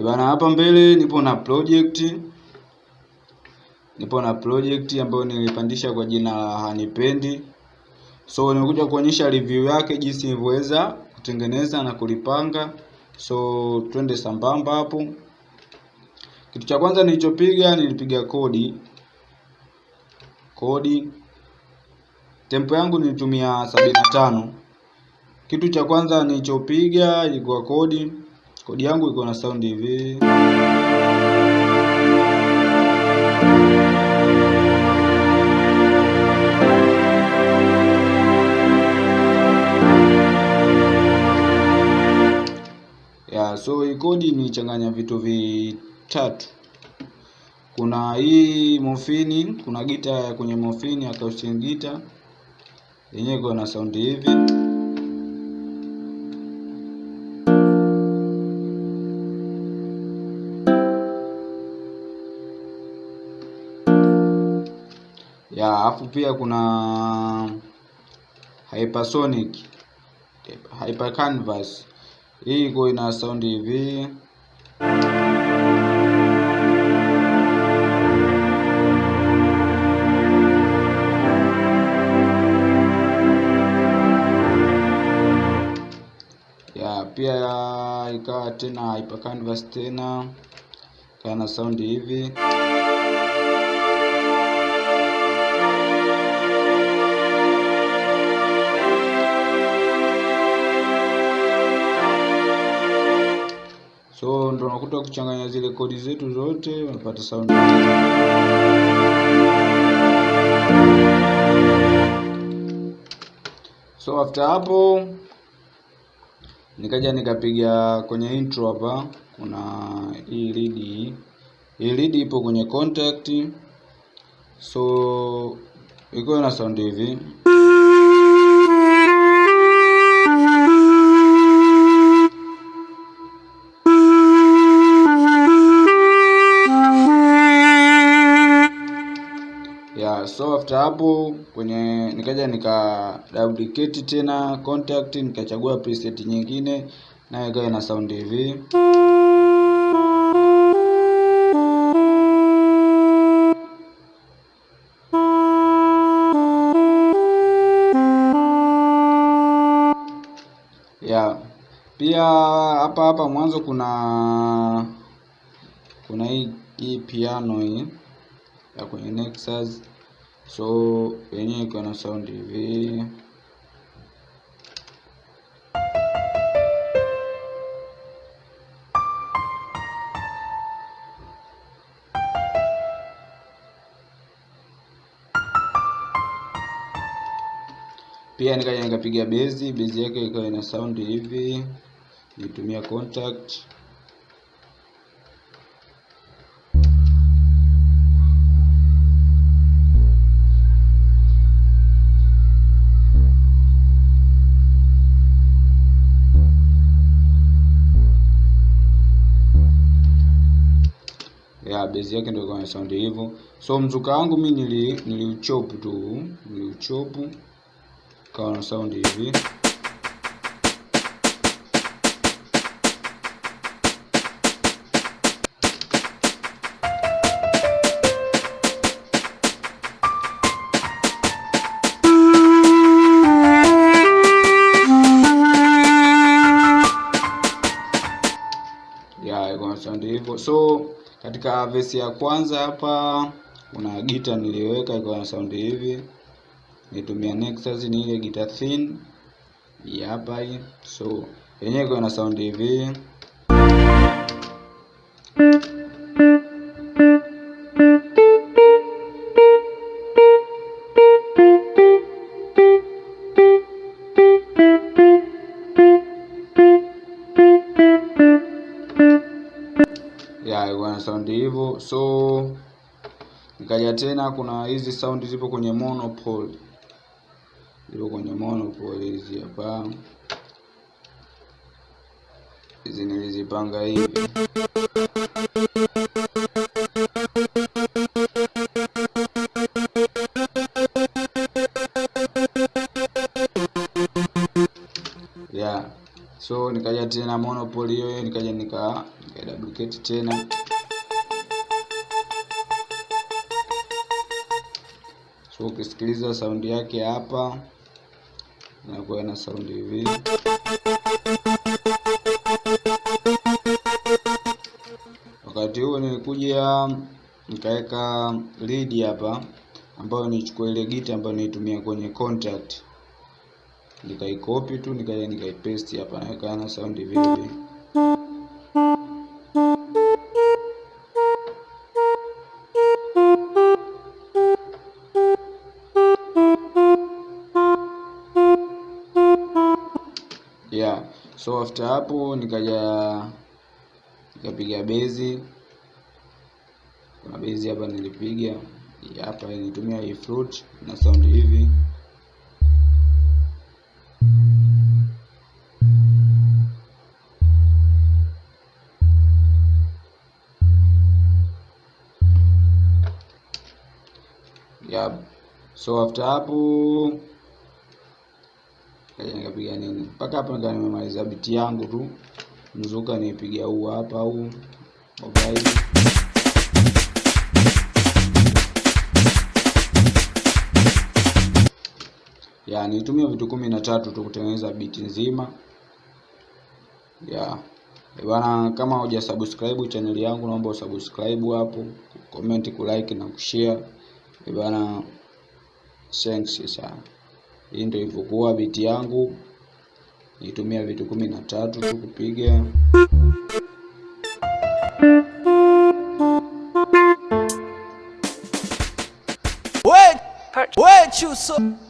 Eh, bana, hapa mbele nipo na project, nipo na project ambayo nilipandisha kwa jina la Hanipendi. So nimekuja kuonyesha review yake jinsi nilivyoweza kutengeneza na kulipanga. So twende sambamba hapo. Kitu cha kwanza nilichopiga, nilipiga kodi kodi. Tempo yangu nilitumia sabini na tano. Kitu cha kwanza nilichopiga ilikuwa kodi kodi yangu iko na sound hivi. Yeah, so hii kodi nichanganya vitu vitatu. Kuna hii mofini, kuna gita kwenye mofini, acoustic gita yenyewe iko na sound hivi. ya afu pia kuna hypersonic hyper canvas. Hii iko ina sound hivi ya pia ikawa tena hyper canvas tena kana sound hivi so ndo nakuta kuchanganya zile kodi zetu zote unapata sound so after hapo nikaja nikapiga kwenye intro hapa kuna hii lead hii lead ipo kwenye contact so iko na sound hivi After hapo kwenye nikaja nika duplicate tena contact, nikachagua preset nyingine, nayo ikawa ina sound hivi. Yeah. Pia hapa hapa mwanzo kuna kuna hii hii piano hii ya kwenye Nexus so yenyewe ikiwa na sound hivi pia nikaja nikapiga bezi, bezi yake ikawa ina sound hivi, nitumia contact base yake ndio kwa sound hivyo. So mzuka wangu mimi nili niliuchopu tu, niliuchopu kawa na sound hivi. so katika verse ya kwanza hapa kuna gita niliweka kwa na sound hivi. Nitumia Nexus ni ile gita thin hii hapa hii. So yenyewe iko na sound hivi. saundi hivyo. So nikaja tena, kuna hizi saundi zipo kwenye monopole, zipo kwenye monopole hizi hapa, hizi nilizipanga hivi So nikaja tena monopoli hiyo, nikaja nika nika duplicate tena so ukisikiliza saundi yake hapa inakuwa na saundi hivi wakati huo nilikuja nikaweka lead hapa ambayo nichukua ile gita ambayo nilitumia kwenye contact nikaikopi tu nikaja nikaipaste hapa naweka na saundi vipi yeah. So after hapo nikaja nikapiga bezi. Kuna bezi hapa nilipiga hapa, nilitumia hii flute na sound hivi yeah. So after hapo nikapiga nini mpaka hapa, ndio nimemaliza biti yangu tu. Mzuka nipiga huu hapa huu okay. Ya, nitumia vitu kumi na tatu tu kutengeneza biti nzima ya eh, bwana. Kama huja subscribe channel yangu, naomba usubscribe hapo, comment, kulike na kushare eh, bwana. Thanks sana. Hii ndio ilivyokuwa biti yangu. Nitumia vitu kumi na tatu tu kupiga Wait. Wait, you so